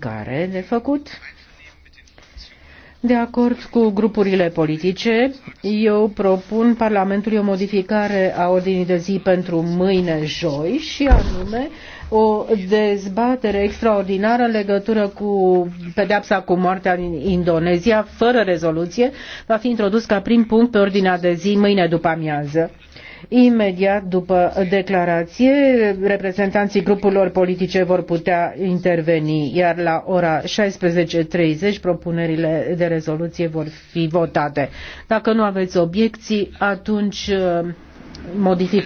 care de făcut. De acord cu grupurile politice, eu propun Parlamentului o modificare a ordinii de zi pentru mâine joi și anume o dezbatere extraordinară în legătură cu pedepsa cu moartea în Indonezia, fără rezoluție, va fi introdus ca prim punct pe ordinea de zi mâine după amiază. Imediat după declarație, reprezentanții grupurilor politice vor putea interveni, iar la ora 16.30 propunerile de rezoluție vor fi votate. Dacă nu aveți obiecții, atunci uh, modificăm.